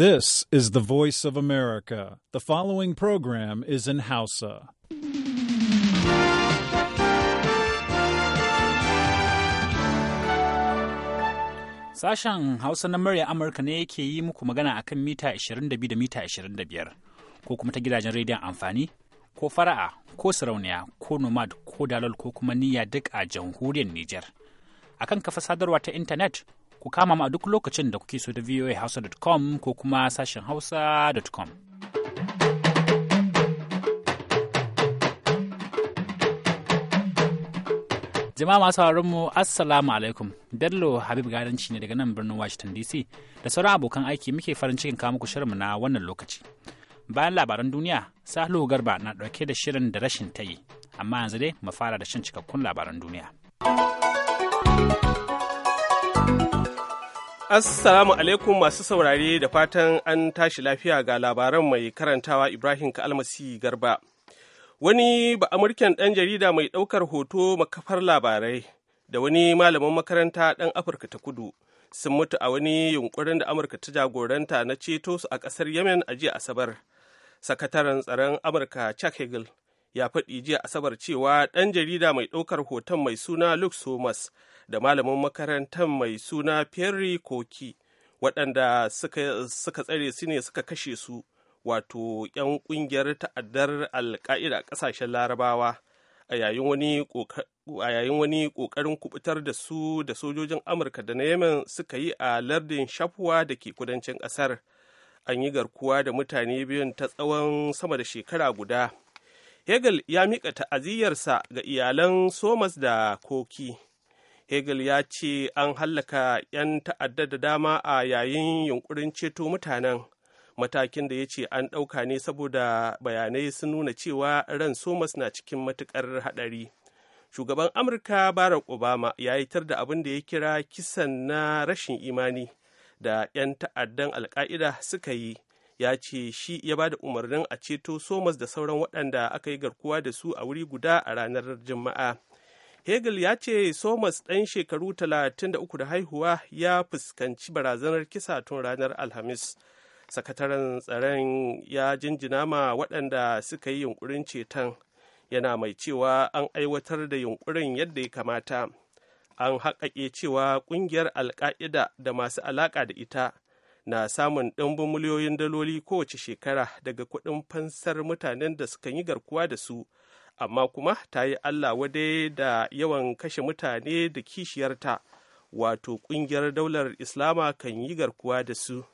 This is the voice of America. The following program is in Hausa. Sashen Hausa na murya Amurka ne yake yi muku magana akan mita 22 da mita 25 ko kuma ta gidajen rediyon amfani ko fara'a ko sarauniya ko nomad ko dalol ko kuma niyya duk a jamhuriyar Nijar. Akan kafa sadarwa ta intanet ku kama mu a duk lokacin da kuke so da voahausa.com ko kuma sashen hausa.com. Jama'a masu sauraron mu Assalamu alaikum. Bello Habib Garanci ne daga nan birnin Washington DC da sauran abokan aiki muke farin cikin kawo muku shirinmu na wannan lokaci. Bayan labaran duniya, sahlo Garba na ɗauke da shirin da rashin tayi, amma yanzu dai mu fara da shan cikakkun labaran duniya. Assalamu alaikum masu saurare da fatan an tashi lafiya ga labaran mai karantawa Ibrahim Kalmasi Garba. Wani ba Amurken ɗan jarida mai ɗaukar hoto makafar labarai da wani malamin makaranta ɗan Afirka ta kudu sun mutu a wani yunkurin da Amurka ta jagoranta na ceto su a ƙasar Yemen a jiya Asabar. Sakataren tsaron Amurka Chuck Hagel ya faɗi jiya Asabar cewa ɗan jarida mai ɗaukar hoton mai suna Luke da malamin makarantar mai suna Pierre Koki waɗanda suka tsare su ne suka kashe su wato 'yan ƙungiyar ta'addar alka'ida a ƙasashen larabawa a yayin wani ƙoƙarin kubutar da su da sojojin amurka da na yemen suka yi a lardin shafuwa da ke kudancin ƙasar an yi garkuwa da mutane biyun ta tsawon sama da shekara guda hegel ya miƙa ta'aziyyarsa ga iyalan somas da koki hegel ya ce an hallaka 'yan ta'adda da dama a yayin yunkurin ceto mutanen matakin da ya ce an ɗauka ne saboda bayanai sun nuna cewa ran somas na cikin matuƙar haɗari shugaban amurka barack obama ya yitar da abin da ya kira kisan na rashin imani da 'yan ta'addan alka'ida suka yi ya ce shi ya ba da umarnin a ceto somas da sauran waɗanda aka yi garkuwa da su a wuri guda a ranar juma'a hegel ya ce Somers ɗan shekaru 33 da haihuwa ya fuskanci barazanar kisa tun ranar alhamis sakataren tsaron ya jinjina ma waɗanda suka yi yunkurin ceton yana mai cewa an aiwatar da yunkurin yadda ya kamata an haƙaƙe cewa ƙungiyar alƙa'ida da masu alaƙa da ita na samun ɗumbin miliyoyin daloli kowace shekara daga kuɗin fansar mutanen da suka yi garkuwa da su amma kuma ta yi allah wadai da yawan kashe mutane da kishiyarta wato kungiyar daular islama kan yi garkuwa da su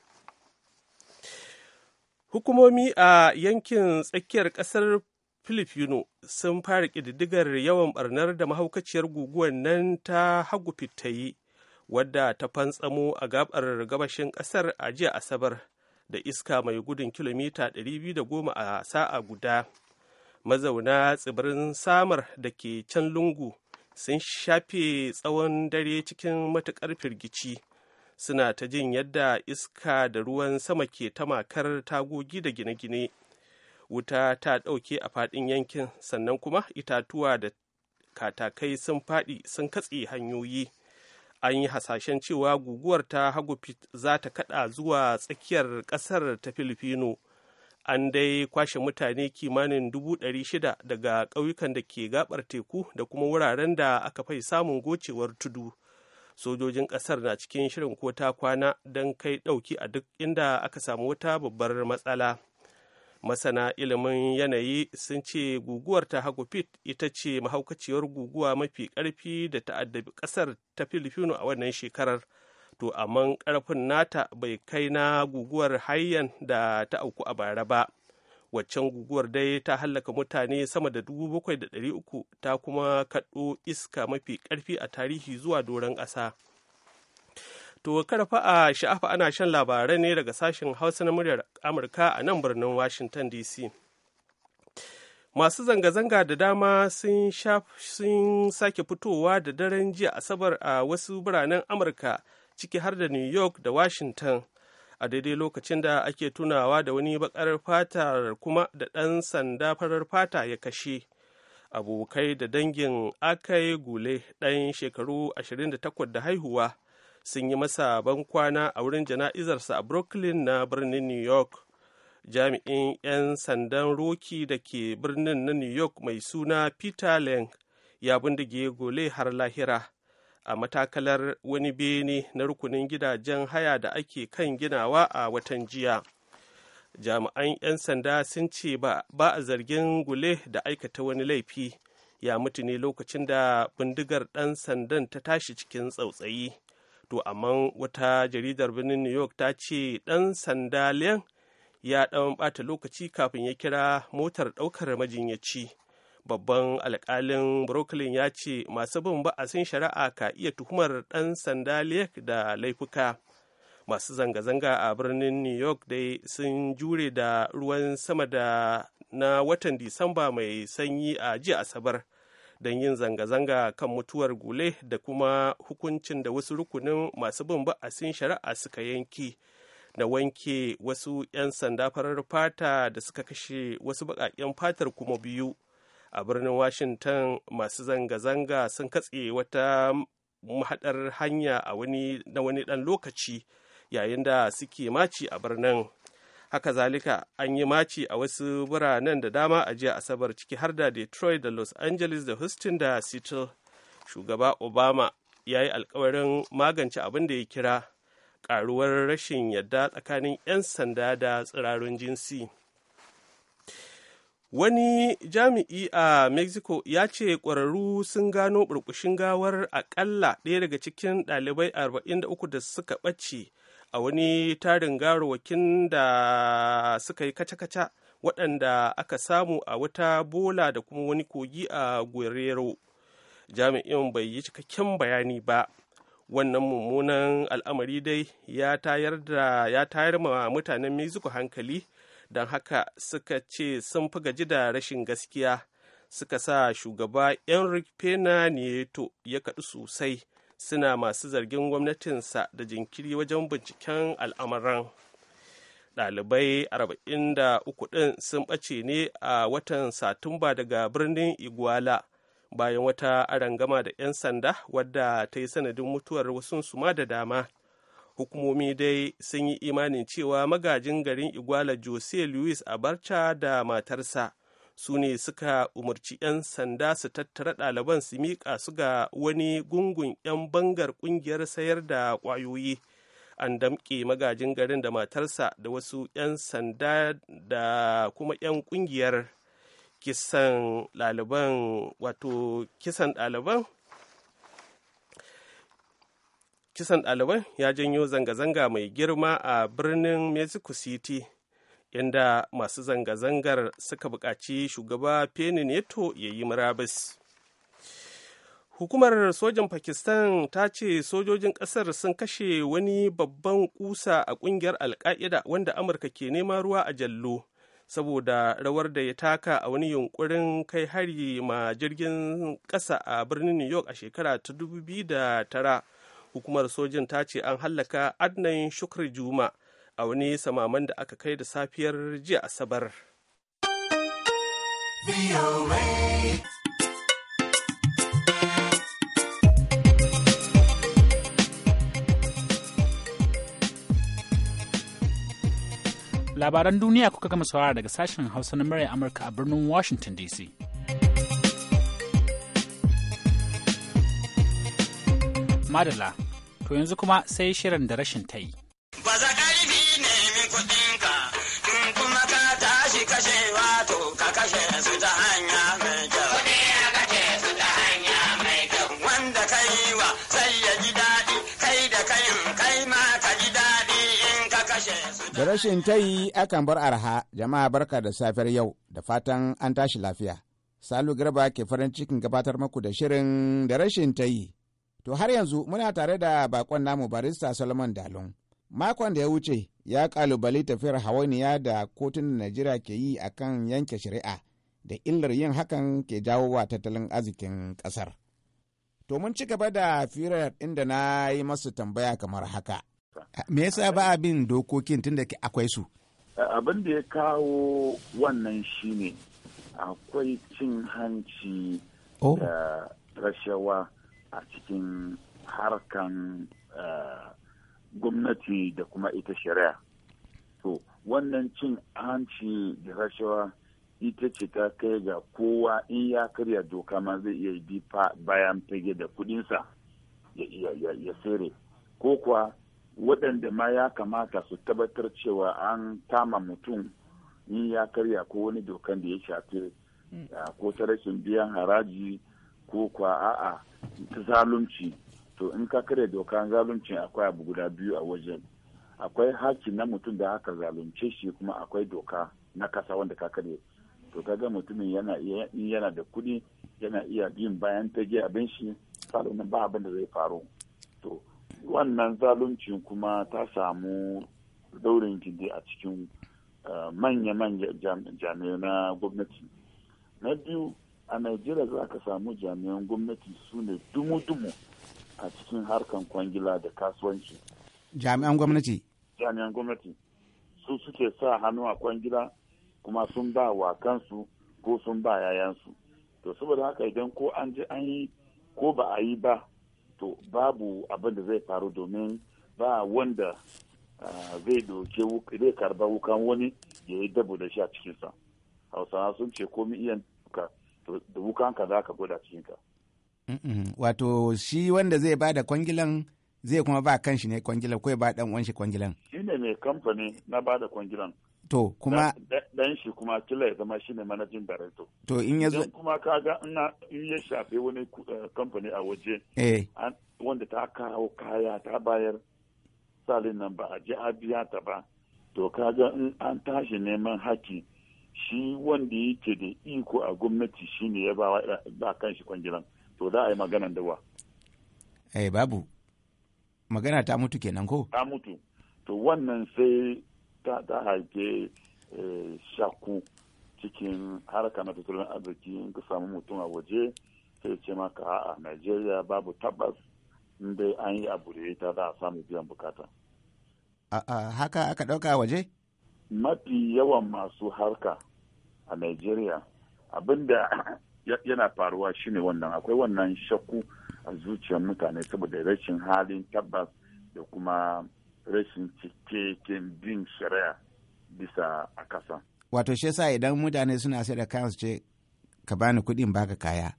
hukumomi a yankin tsakiyar kasar filipino sun fara ƙididdigar yawan barnar da mahaukaciyar guguwar nan ta hagu fitayi wadda ta fantsamo a gabar gabashin ƙasar a jiya asabar da iska mai gudun kilomita 210 a sa'a guda mazauna tsibirin samar da ke can lungu sun shafe tsawon dare cikin matuƙar firgici suna ta jin yadda iska da ruwan sama ke tamakar tagogi da gine-gine wuta ta ɗauke a faɗin yankin sannan kuma itatuwa da katakai sun faɗi sun katse hanyoyi an yi hasashen cewa guguwar ta hagupit za ta kaɗa zuwa tsakiyar ƙasar ta filifino an dai kwashe mutane kimanin dubu ɗari shida daga ƙauyukan da ke gabar teku da kuma wuraren da aka fai samun gocewar tudu sojojin ƙasar na cikin shirin ko ta kwana don kai ɗauki a duk inda aka samu wata babbar matsala masana ilimin yanayi sun ce guguwar ta hagu pit ita ce mahaukaciyar guguwa mafi ƙarfi da ta'addabi ƙasar ta filifino a wannan shekarar to amma karfin nata bai kai na guguwar hayyan da ta auku a bara ba waccan guguwar dai ta hallaka mutane sama da da uku ta kuma kaɗo iska mafi ƙarfi a tarihi zuwa doron ƙasa to karfa a sha'afa ana shan labarai ne daga sashen hausa na muryar amurka a nan birnin washington dc masu zanga-zanga da dama sun sake fitowa da daren jiya asabar a wasu biranen amurka ciki har da new york da washington a daidai lokacin da ake tunawa da wani bakar fatar kuma da ɗan sanda farar fata ya kashe abokai da dangin akai gule ɗan shekaru 28 da haihuwa sun yi masa ban kwana a wurin jana'izarsa a brooklyn na birnin new york jami'in 'yan sandan roki da ke birnin na new york mai suna peter leng ya bindige gole har lahira a matakalar wani bene na rukunin gidajen haya da ake kan ginawa a watan jiya jami'an 'yan sanda sun ce ba a zargin gule da aikata wani laifi ya mutu ne lokacin da bindigar ɗan sandan ta tashi cikin tsautsayi to amma wata jaridar birnin new york ta ce ɗan sanda ya ɗan ɓata lokaci kafin ya kira motar ɗaukar majinyaci. babban alkalin brooklyn ya ce masu bin ba'asin shari'a ka iya tuhumar ɗan sanda lake da laifuka masu zanga-zanga a birnin new york dai sun jure da ruwan sama da na watan disamba mai sanyi a jiya asabar don yin zanga-zanga kan mutuwar gule da kuma hukuncin da wasu rukunin masu bin ba'asin shari'a suka yanki da wanke wasu 'yan sanda farar fata da suka kashe wasu baƙaƙen fatar kuma biyu a birnin washington masu zanga-zanga sun katse wata mahaɗar hanya a wani na wani ɗan lokaci yayin da suke maci a birnin haka zalika an yi maci a wasu biranen da dama a jiya asabar ciki har da detroit da los angeles da houston da seattle shugaba obama ya yi alkawarin magance abin da ya kira karuwar rashin yadda tsakanin 'yan sanda da tsirarun jinsi Wani jami'i a Mexico ya ce ƙwararru sun gano burbushin gawar aƙalla ɗaya daga cikin ɗalibai 43 da suka ɓace a wani tarin gawarwakin da suka yi kaca-kaca waɗanda aka samu a wata bola da kuma wani kogi a Guerrero. Jami'in bai yi cikakken bayani ba. Wannan mummunan al'amari dai ya tayar ma mutanen Mexico hankali. don haka suka ce sun fi gaji da rashin gaskiya suka sa shugaba enrique pena nieto ya kaɗu sosai suna masu zargin gwamnatinsa da jinkiri wajen binciken al'amuran ɗalibai 43 ɗin sun ɓace ne a watan satumba daga birnin iguala bayan wata arangama da 'yan sanda wadda ta yi sanadin mutuwar wasu ma da dama hukumomi dai sun yi imanin cewa magajin garin iguala jose luis abarca da matarsa su ne suka umarci 'yan sanda su tattara ɗaliban su miƙa su ga wani gungun 'yan bangar ƙungiyar sayar da ƙwayoyi an damƙe magajin garin da matarsa da wasu 'yan sanda da kuma 'yan ƙungiyar kisan ɗaliban wato kisan ɗaliban kisan ɗaliban ya janyo zanga-zanga mai girma a birnin mexico city inda masu zanga-zangar suka buƙaci shugaba feni neto ya yi murabus hukumar sojan pakistan ta ce sojojin ƙasar sun kashe wani babban ƙusa a ƙungiyar alka'ida wanda amurka ke nema ruwa a jallo saboda rawar da ya taka a wani yunkurin kai hari ma jirgin ƙasa a birnin new york a shekara ta 2009 hukumar sojin ta ce an hallaka adnan shukri juma a wani samaman da aka kai da safiyar jiya asabar labaran duniya kuka gama saurara daga sashen hausa na murya amurka a birnin washington dc Madalla, to yanzu kuma sai shirin da rashin ta yi. Ba za nemi kuɗinka, in kuma ka tashi kashe wato ka kashe su ta hanya mai kyau. Kuɗi ya kashe su ta hanya mai kyau. Wanda ka yi wa sai ya ji daɗi, kai da kayin kai ma ka ji daɗi in ka kashe su Da rashin ta yi akan bar arha, jama'a barka da safiyar yau, da fatan an tashi lafiya. Salu Garba ke farin cikin gabatar maku da shirin da rashin ta yi. To har yanzu muna tare da bakon namu barista Solomon Dalun. Makon da ya wuce ya kalubali tafiyar hawainiya da kotun Najeriya ke yi a kan yanke shari'a da illar yin hakan ke jawo wa tattalin arzikin ƙasar. To mun ci gaba da firar inda na yi masu tambaya kamar haka. Me yasa ba a bin dokokin tunda akwai su? Abin da ya kawo wannan shine akwai cin hanci oh. da rashawa. a cikin harkan eh, gwamnati da kuma ita shari'a to wannan cin hanci da rashawa ita ce ta kai ga kowa in ya karya doka ma zai iya bi bayan fage da kudinsa ya sere ko kuwa waɗanda ma ya kamata su tabbatar cewa an kama mutum in ya karya ko wani dokan da ya shafi mm. eh, ko ta rashin biyan haraji ko kwa a'a ta zalunci to in ka kare dokan zalunci akwai abu guda biyu a wajen akwai haki na mutum da aka zalunce shi kuma akwai doka na kasa wanda ka kare to kaga mutumin yana yana da kuɗi yana iya yin bayan ta je abin shi salon ba abin da zai faru to wannan zalunci kuma ta samu daurin gindi a cikin eh, manya-manya jami'ai na gwamnati na biyu a najeriya za ka samu jami'an gwamnati su ne dumu-dumu a cikin harkan kwangila da kasuwanci jami'an gwamnati jami'an gwamnati su suke sa hannu a kwangila kuma sun ba wa kansu ko sun ba yayansu to saboda haka idan ko an je an yi ko ba a yi ba to babu abin da zai faru domin ba wanda zai doke zai karba wukan wani ya yi dabo da shi a cikinsa hausawa sun ce komi iya kan ka za ka gwada cikinka. Wato shi wanda zai ba da kwangilan zai kuma ba kan shi ne kwangilan ko ya ba dan wanshi kwangilan. Shi ne mai kamfani na ba da kwangilan. To kuma dan shi kuma kila ya zama shi ne manajin director. To in ya zo kuma kaga ina in ya shafe wani eh, kamfani a waje. Eh. Wanda ta kawo kaya ta bayar salin nan ba a je a biya ta ba. To kaga in an tashi neman haki shi wanda yake da iko a gwamnati shine ya ba kan shi kwangilan to za a yi maganan dawa eh babu magana ta mutu kenan ko ta mutu to wannan sai ta ta haife eh, shaku cikin harka na tattalin arziki in ka samu mutum a waje sai ce maka a Najeriya babu tabbas in an yi abu da ta za a samu biyan bukata. A haka aka ɗauka waje? mafi yawan masu harka a Najeriya abinda yana faruwa shine wannan akwai wannan shakku a zuciyar mutane saboda rashin halin tabbas da kuma rashin cikakken bin shari'a bisa a kasa. Wato shi yasa idan mutane suna sai da kayan ce ka bani kuɗin baka kaya.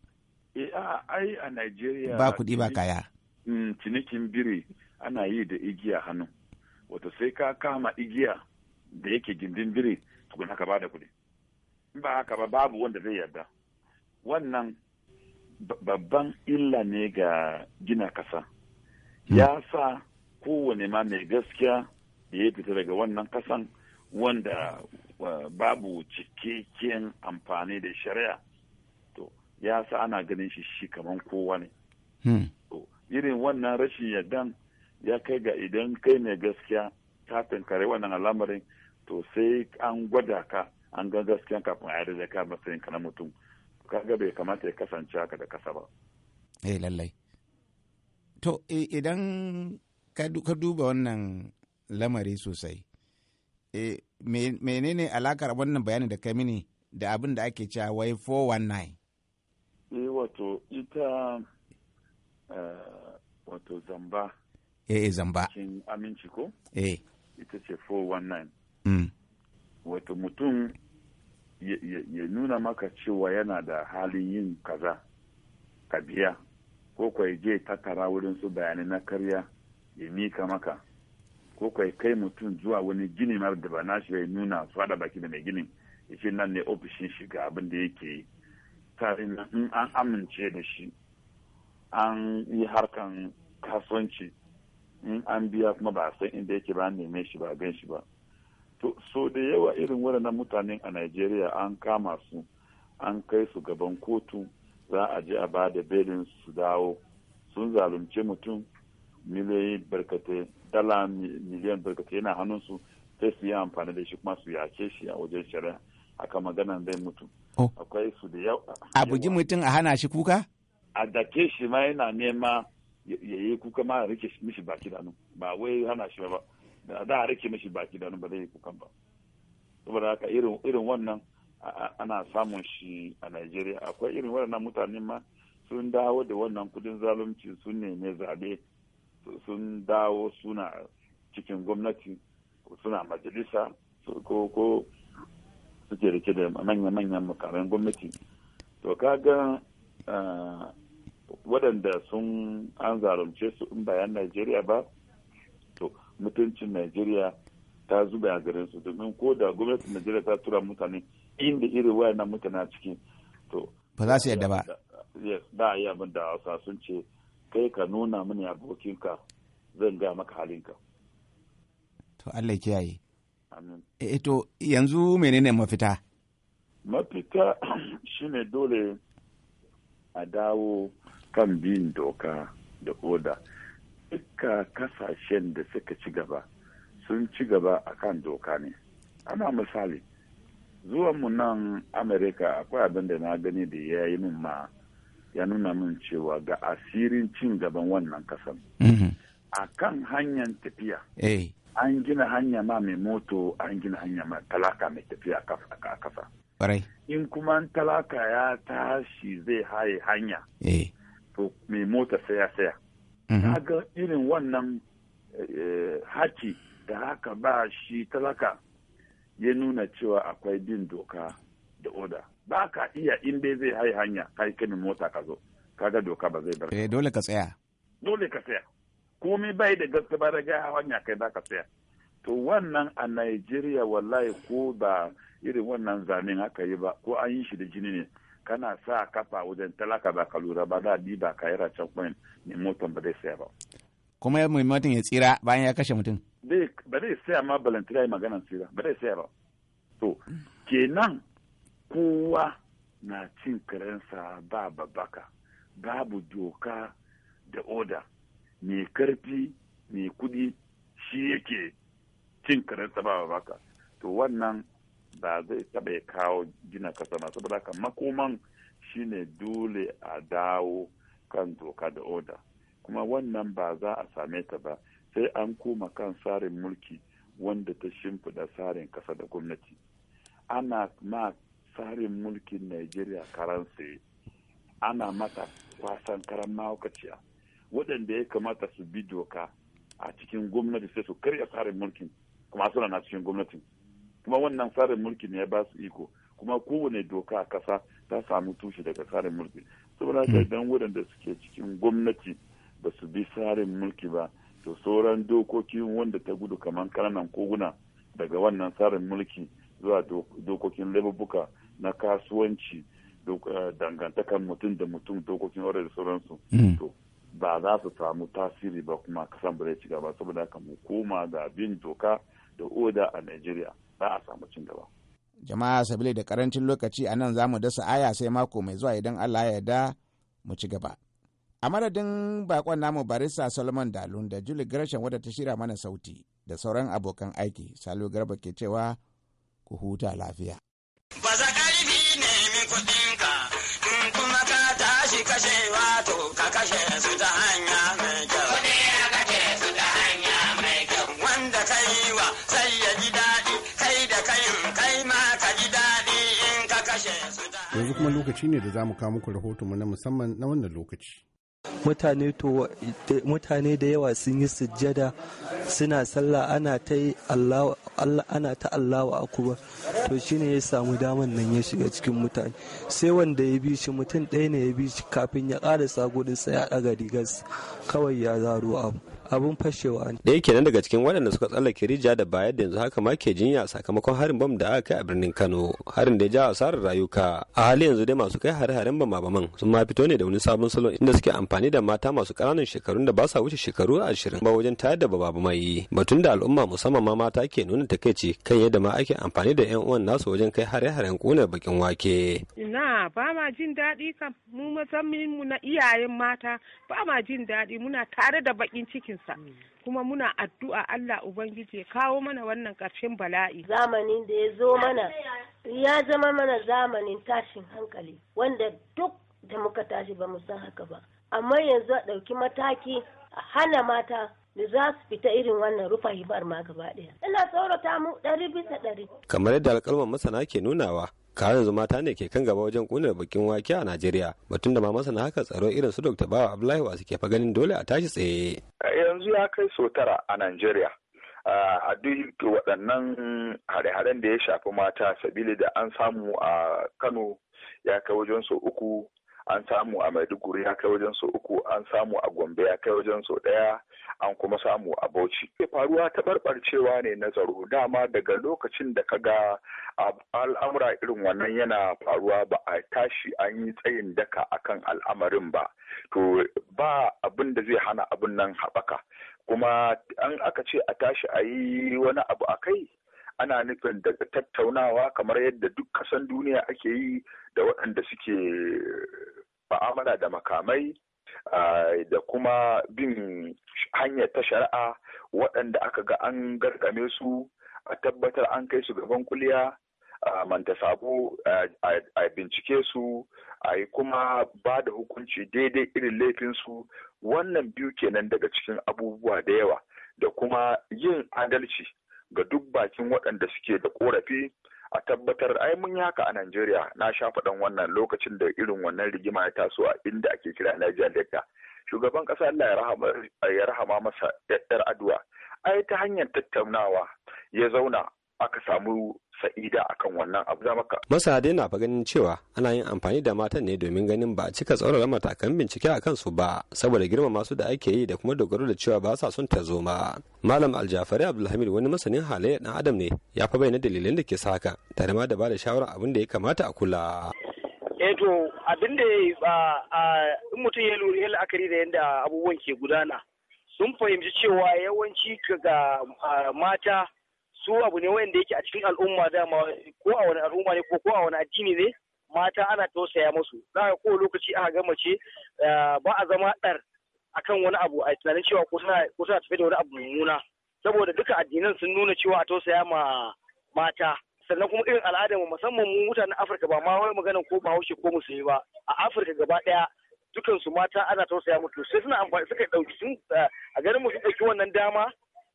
Eh, a ai a nigeria ba kuɗi ba kaya. Hmm, cinikin biri ana yi da igiya hannu. Wato sai ka kama igiya da yake gindin biri tukun haka ba da kuɗi in ba haka ba babu wanda zai yarda wannan babban illa ne ga gina kasa hmm. ya sa kowane ma mai gaskiya da ya fita daga wannan kasan wanda babu cikakken amfani da shari'a to ya sa ana ganin shi shi kamar kowa ne hmm. irin wannan rashin yardan ya kai ga idan kai mai gaskiya ta tankare wannan al'amarin to sai an gwada ka an ga gaskiya kafin a yarda ka matsayin ka na mutum kaga bai kamata ya kasance haka da kasa ba eh lallai to idan ka duba wannan lamari sosai e, menene alakar wannan bayani da kai mini da abin da ake cewa wai 419 eh wato ita eh, wato zamba eh, eh zamba cikin aminci ko eh ita ce 419 Mm. wato mutum ya nuna maka cewa yana da halin yin kaza ka biya ko kai je tattara wurin su bayanai na karya ya mika maka ko kai kai mutum zuwa wani gini mara da ba nashi ya nuna fada baki da mai ginin ya ce nan ne ofishin shiga abin da yake yi tare in an amince da shi an yi harkan kasuwanci in an biya kuma ba a san inda yake ba neme shi ba gan shi ba to so da yawa irin waɗannan mutanen a Najeriya an kama su an kai su gaban kotu za a je a ba da belin su dawo sun zalunce mutum miliyoyi barkate dala miliyan barkate yana hannun su sai su yi amfani da shi kuma su yace shi a wajen shari'a aka maganan bai mutu oh. akwai su da yawa a bugi mutum a hana shi kuka a dake shi ma yana nema ya yi kuka ma rike mishi baki da ba wai hana shi ba za a rike mishi baki da wani ba zai yi kukan ba saboda haka irin wannan ana samun shi a Najeriya akwai irin waɗannan mutane ma sun dawo da wannan kudin zalunci sun neme zabe sun dawo suna cikin gwamnati suna majalisa ko ko suke rike da manya-manyan mukamin gwamnati to kaga eh, waɗanda sun an zalunce su in bayan Najeriya ba mutuncin Najeriya ta zuba a garin su domin ko da gwamnatin Najeriya ta tura mutane inda irin wayannan mutane a cikin to ba za su yadda ba da yi abin da Hausa sun ce kai ka nuna mini abokinka zan ga maka ka to Allah kiyaye amin eh to yanzu menene mafita mafita shine dole a dawo kan bin doka da oda duka kasashen da suka ci gaba sun ci gaba akan doka ne ana misali zuwanmu nan amerika akwai abin da na gani da ya yi min ma ya nuna min cewa ga asirin cin gaban wannan kasan mhm. a kan hanyar tafiya eh. an gina hanya ma mai moto an gina hanya ma talaka mai tafiya a kasa in kuma talaka ya tashi zai haye hanya eh. to mai mota saya saya na mm-hmm. ga irin wannan eh, haki da haka ba shi talaka ya nuna cewa akwai bin doka da oda ba ka iya in dai zai hai hanya kai kani mota ka zo kaga doka ba zai bar eh, dole ka tsaya dole ka tsaya komai bai da gaske ba da daga hanya kai za ka tsaya to wannan a Najeriya wallahi ko ba irin wannan zanen haka yi ba ko an yi shi da jini ne kana sa kafa wajen talaka ba ka lura ba da diba ka yara can kwan ne motan ba zai saya ba. Kuma ya mutum ya tsira bayan ya kashe mutum. Ba zai saya ma balantira ya magana tsira ba zai saya ba. To kenan kowa na cin karensa ba babbaka babu doka da oda mai karfi mai kudi shi yake cin karensa ba babbaka to wannan ba zai taɓa ya kawo gina kasa na saboda haka makoman shine dole a dawo kan doka da oda kuma wannan ba za a same ta ba sai an koma kan tsarin mulki wanda ta shimfiɗa tsarin kasa da gwamnati ana ma tsarin mulkin najeriya karan sai ana mata kwasan karan mawakaciya waɗanda ya kamata su bi doka a cikin gwamnati sai su karya tsarin mulkin kuma suna na cikin gwamnati. kuma wannan tsarin mulki ne ya ba su iko kuma kowane doka a kasa ta samu tushe daga tsarin mulki saboda haka hmm. idan waɗanda suke cikin gwamnati ba su bi tsarin mulki ba to sauran dokokin wanda ta gudu kamar kananan koguna daga wannan tsarin mulki zuwa dokokin lebabuka na kasuwanci eh, dangantakan mutum da mutum dokokin wadda da sauransu hmm. to ba za su samu tasiri ba kuma kasan ba zai ci gaba saboda haka mu koma ga bin doka da oda a Najeriya. za a samu cin gaba. Jama'a sabili da karancin lokaci a nan za mu dasa aya sai mako mai zuwa idan Allah ya da mu ci gaba. A madadin bakon namu barista Solomon Dalun da Julie Gresham wadda ta shirya mana sauti da sauran abokan aiki Salo Garba ke cewa ku huta lafiya. Baza ƙarfi nemi kuɗinka kuma ka tashi kashewa to ka kashe su ta hanya mai kyau. yanzu kuma lokaci ne da za mu kawo muku rahotonmu na musamman na wannan lokaci. mutane da yawa sun yi sujjada suna sallah ana ta Allah ana ta Allahu to shine ya samu daman nan ya shiga cikin mutane sai wanda ya bi shi mutum ɗaya ne ya bi shi kafin ya ƙara sa gudun sa ya ɗaga rigas kawai ya zaro abu abun fashewa ne. yake kenan daga cikin waɗanda suka tsallake rijiya da bayar da yanzu haka ma ke jinya sakamakon harin bam da aka kai a birnin Kano harin da ya ja asarar rayuka. A hali yanzu dai masu kai hare-haren bama baman sun ma fito ne da wani sabon salon inda suke amfani da mata masu ƙananan shekarun da ba sa wuce shekaru ashirin ba wajen tayar da baba mai batun da al'umma musamman ma mata ke nuna takaici kan yadda ma ake amfani da 'yan uwan nasu wajen kai hare-haren ƙunar bakin wake. Ina ba ma jin daɗi kam mu mazammin mu na iyayen mata ba ma jin daɗi muna tare da bakin cikin kansa kuma muna addu'a Allah ubangiji ya kawo mana wannan ƙarshen bala'i zamanin da ya zo mana ya zama mana zamanin tashin hankali wanda duk da muka tashi ba mu san haka ba amma yanzu a ɗauki mataki a hana mata da za su fita irin wannan rufa hibar ma gaba ɗaya. Ina tsorata mu ɗari bisa ɗari. Kamar yadda alƙalman masana ke nunawa, karin zuma ta ne ke kan gaba wajen kunar bakin wake a Najeriya batun da ma masana haka tsaro irin su Dr. Bawa Abdullahi wasu ke ganin dole a tashi tsaye. Eh, yanzu ya kai so tara a Najeriya. A duk waɗannan hare-haren da ya shafi mata sabili da an samu a Kano ya kai wajen so uku an samu a maiduguri ya kai wajen so uku an samu a gombe ya kai wajen so ɗaya an kuma samu a bauchi ke faruwa ta barbarcewa ne na tsaro dama daga lokacin da ka ga al'amura irin wannan yana faruwa ba a tashi an yi tsayin daka akan al'amarin ba to ba abin da zai hana abin nan haɓaka kuma an aka ce a tashi a yi wani abu a kai ana nufin daga tattaunawa kamar yadda duk kasan duniya ake yi da waɗanda suke ma'amala da makamai da kuma bin hanyar ta shari'a waɗanda aka ga an gargame su a tabbatar an kai su gaban kuliya a manta sabo a bincike su a yi kuma ba da hukunci daidai irin laifinsu wannan biyu kenan daga cikin abubuwa da yawa da kuma yin adalci ga duk bakin waɗanda suke da korafi a tabbatar ai mun yi haka a Najeriya na sha faɗan wannan lokacin da irin wannan rigima ya taso a inda ake kira Niger Delta shugaban ƙasa Allah ya rahama masa yar addu'a ai ta hanyar tattaunawa ya zauna aka samu sa'ida a kan wannan abu za maka. Masa dai na ganin cewa ana yin amfani da matan ne domin ganin ba a cika tsaurara matakan bincike a kansu ba saboda girma masu da ake yi da kuma dogaro da cewa ba sa sun zo ma. Malam Aljafari Abdulhamid wani masanin halayya dan Adam ne ya fa bayyana dalilan da ke sa haka tare ma da ba da shawara abin da ya kamata a kula. eh to abin da in mutum ya lura la'akari da yadda abubuwan ke gudana sun fahimci cewa yawanci ga mata su abu ne wanda yake a cikin al'umma dama ko a wani al'umma ne ko ko a wani addini ne mata ana tausaya musu za ka ko lokaci aka ga mace eh, ba a zama dar akan wani abu a tunanin cewa ko suna tafi da wani abu mummuna saboda duka addinan sun nuna cewa a tausaya ma mata sannan kuma irin al'ada mu musamman mu mutanen Afirka ba ma wai maganan ko Bahaushe ko Musulmi ba a Afirka gaba daya dukan su mata ana tausaya mutu sai suna amfani suka dauki sun eh, a garin mu sun dauki wannan dama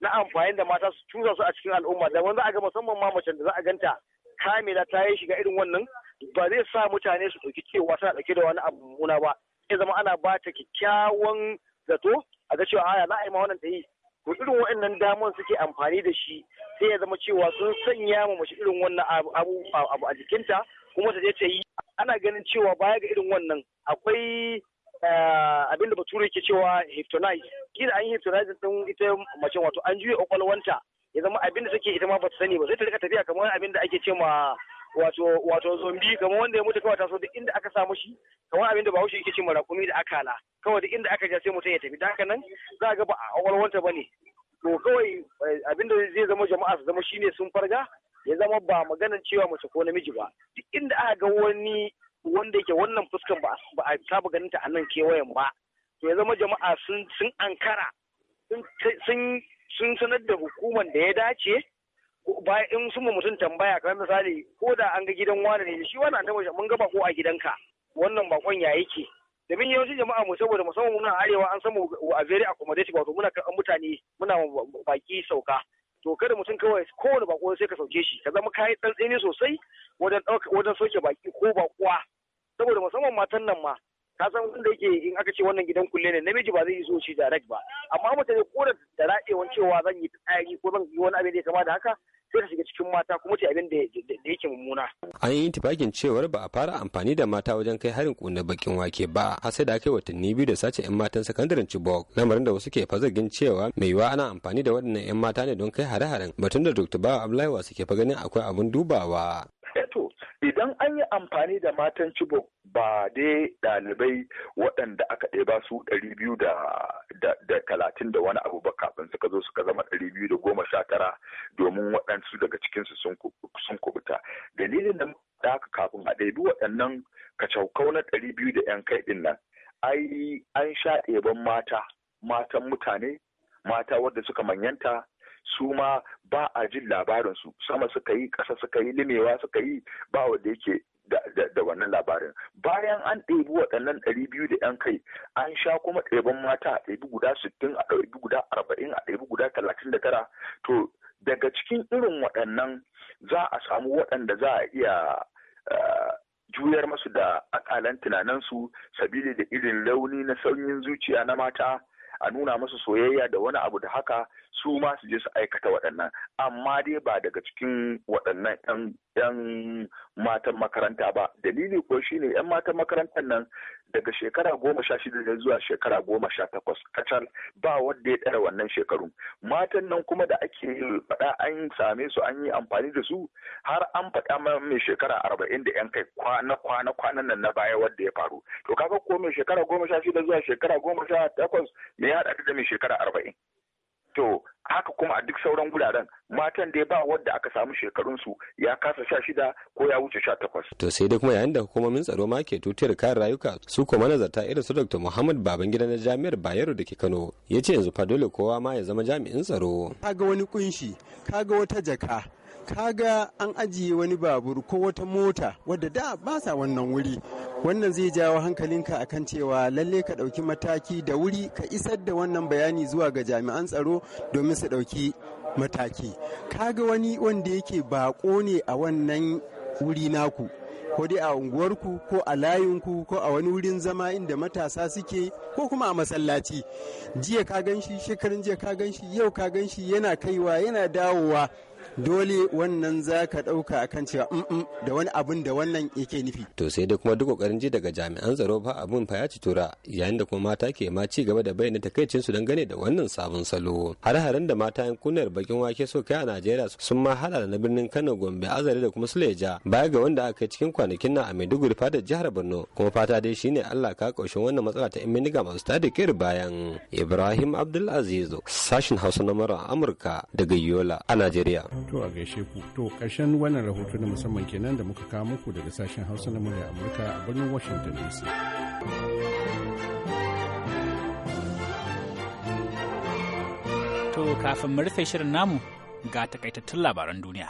na amfani da mata su cusa su a cikin al'umma da wanda a musamman ma macen da za a ganta kamila ta yi shiga irin wannan ba zai sa mutane su ɗauki cewa tana ɗauke da wani abu mummuna ba sai zama ana ba ta kyakkyawan zato a ga cewa aya na ma wannan ta yi ko irin waannan damar suke amfani da shi sai ya zama cewa sun sanya ma mace irin wannan abu a jikinta kuma ta je ta yi ana ganin cewa baya ga irin wannan akwai eh, abinda da bature ke cewa hypnotize kila an yi hypnotizing din ita mace wato an juya kwakwalwanta ya zama abin da take ita ma bata sani ba sai ta rika tafiya kamar abin da ake ce ma wato wato zombi kamar wanda ya mutu kawai so duk inda aka samu shi kamar abin da bahaushe yake ce ma rakumi da akala kawai duk inda aka ja sai mutum ya tafi dan haka nan za ga ba a kwakwalwanta bane to kawai eh, abin da zai zama jama'a su zama shine sun farga ya zama ba maganar cewa mace ko namiji ba duk inda aka ga wani wanda yake wannan fuskan ba a saba ganin ta a nan kewayen ba ya zama jama'a sun ankara sun sanar da hukumar da ya dace bayan in sun mutum tambaya kamar misali ko da an ga gidan wani ne shi wani an mun ga bako a gidanka wannan bakon ya yake domin yawancin jama'a mu saboda musamman muna arewa an samu a very accommodative wato muna kan mutane muna baki sauka to kada mutum kawai kowane bako sai ka sauke shi ka zama kayi tsantseni sosai wajen sauke soke baki ko bakuwa saboda musamman matan nan ma ka san wanda yake in aka ce wannan gidan kulle ne namiji ba zai so shi direct ba amma mace ne ko da raɗewan cewa zan yi tsari ko zan yi wani abin da ya kama da haka sai ta shiga cikin mata kuma ce abin da yake mummuna. An yi tufakin cewar ba a fara amfani da mata wajen kai harin kuna bakin wake ba a sai da kai watanni biyu da sace 'yan matan sakandaren Chibok lamarin da wasu ke fazagin cewa mai yiwa ana amfani da waɗannan 'yan mata ne don kai hare-haren batun da Dr. Bawa su suke fa ganin akwai abun dubawa. Eh to idan an yi amfani da matan cibo ba dai ɗalibai waɗanda aka ɗeba su ɗari biyu da talatin da wani abu ba kafin suka zo suka zama ɗari biyu da goma sha tara domin waɗansu daga cikinsu sun kubuta dalilin da da kafin a ɗebi waɗannan kacaukau na ɗari biyu da yan kai ɗin nan ai an sha ɗeban mata matan mutane mata wadda suka manyanta su ma ba a jin labarinsu sama suka yi ƙasa suka yi limewa suka yi ba wanda yake da wannan labarin bayan an ɗebi waɗannan ɗari biyu da yan kai an sha kuma ɗeban mata a ɗebi guda sittin a ɗebi guda arba'in a ɗebi guda talatin da tara to daga cikin irin waɗannan za a samu waɗanda za a iya juyar masu da akalan tunaninsu sabili da irin launi na sauyin zuciya na mata a nuna musu soyayya da wani abu da haka su ma su je su aikata waɗannan amma dai ba daga cikin waɗannan 'yan matan makaranta ba dalili ko shine 'yan matan makarantar nan daga shekara goma sha shida ne zuwa shekara goma sha takwas kacal ba wanda ya tsara wannan shekaru matan nan kuma da ake faɗa an same su an yi amfani da su har an faɗa mai shekara arba'in da yan kai kwana kwana kwanan nan na baya wanda ya faru to kaga ko mai shekara goma sha shida zuwa shekara goma sha takwas me ya haɗa da mai shekara arba'in to haka kuma a duk sauran wuraren matan dai ba wadda aka samu shekarunsu ya kasa sha shida ko ya wuce sha takwas. To sai dai kuma yayin da hukumomin tsaro ma ke tutiyar kayan rayuka su kuma nazarta irin su Dr. Muhammad Babangida na Jami'ar Bayero da ke Kano ya ce yanzu fa dole kowa ma ya zama jami'in tsaro. Kaga wani kunshi, kaga wata jaka, kaga an ajiye wani babur ko wata mota wadda da ba sa wannan wuri wannan zai jawo hankalinka akan cewa lalle ka ɗauki mataki da wuri ka isar da wannan bayani zuwa ga jami'an tsaro domin su ɗauki mataki kaga wani wanda yake bako ne a wannan wuri naku ko dai a unguwarku ko a layinku ko a wani wurin zama inda matasa suke ko kuma a masallaci jiya ka ganshi shekarun jiya ka ganshi yau ka ganshi yana kaiwa yana dawowa dole wannan za ka ɗauka kan cewa da wani abin da wannan yake nufi. To sai da kuma duk kokarin ji daga jami'an tsaro fa abin fa ya ci tura yayin da kuma mata ke ma ci gaba da bayyana takaicin su gane da wannan sabon salo. Har-haren da mata yankunar bakin wake so kai a Najeriya sun ma hada na birnin Kano, Gombe, Azare da kuma Suleja baya ga wanda aka cikin kwanakin nan a Maiduguri fada jihar Borno kuma fata dai shine Allah ka kaushin wannan matsala ta iminiga masu tada kir bayan Ibrahim Abdul Aziz sashin Hausa na Amurka daga Yola a Najeriya. to a gaishe ku to ƙarshen wannan rahoto na musamman kenan da muka kawo muku daga sashen hausa na murya amurka a birnin washington dc to kafin mu rufe shirin namu ga takaitattun labaran duniya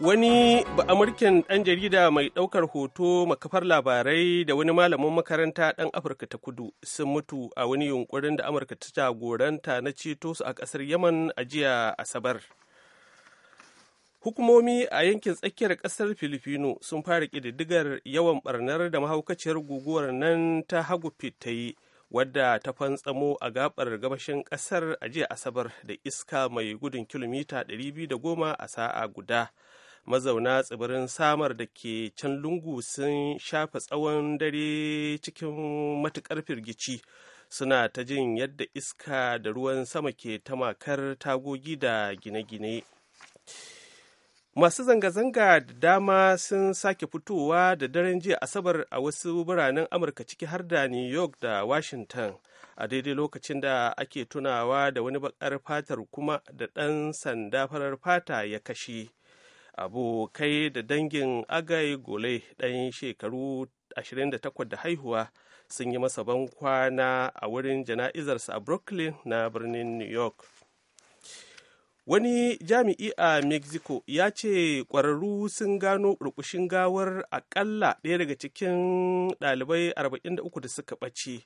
Wani amurkin ɗan jarida mai ɗaukar hoto makafar labarai da wani malamin makaranta ɗan Afirka ta kudu sun mutu a wani yunkurin da Amurka ta jagoranta na ceto su a ƙasar Yaman a jiya Asabar. Hukumomi a yankin tsakiyar ƙasar Filifino sun fara ƙididdigar yawan ɓarnar da mahaukaciyar guguwar nan ta hagu ta wadda ta fantsamo a gaɓar gabashin ƙasar a jiya Asabar da iska mai gudun kilomita 210 a sa'a guda. mazauna tsibirin samar da ke can lungu sun shafa tsawon dare cikin matuƙar firgici suna ta jin yadda iska da ruwan sama ke tamakar tagogi da gine-gine masu zanga-zanga da dama sun sake fitowa da daren jiya asabar a wasu biranen amurka ciki har da new york da washington a daidai lokacin da ake tunawa da wani bakar fatar kuma da ɗan sanda farar fata ya kashe abokai da dangin agai golai ɗan shekaru 28 da haihuwa sun yi masa ban kwana a wurin jana'izarsa a brooklyn na birnin new york wani jami'i a mexico ya ce ƙwararru sun gano ƙurƙushin gawar akalla ɗaya daga cikin ɗalibai 43 da suka ɓace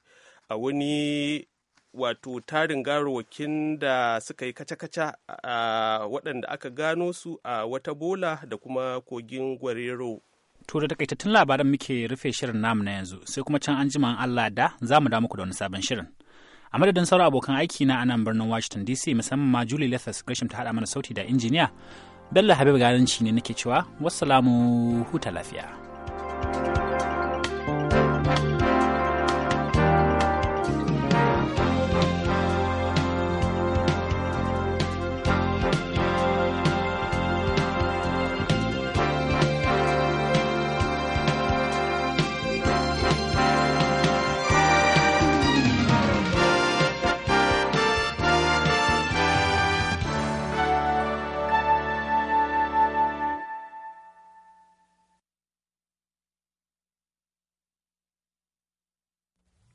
a wani wato tarin garowakin da suka yi kaca-kaca a waɗanda aka gano su a wata bola da kuma kogin gwarero to da takaitattun labaran muke rufe shirin namu na yanzu sai kuma can an jima Allah da za mu da muku da wani sabon shirin a madadin sauran abokan aiki na anan birnin Washington DC musamman ma Julie Lethas Gresham ta haɗa mana sauti da injiniya Bello Habib Garanci ne nake cewa wassalamu huta lafiya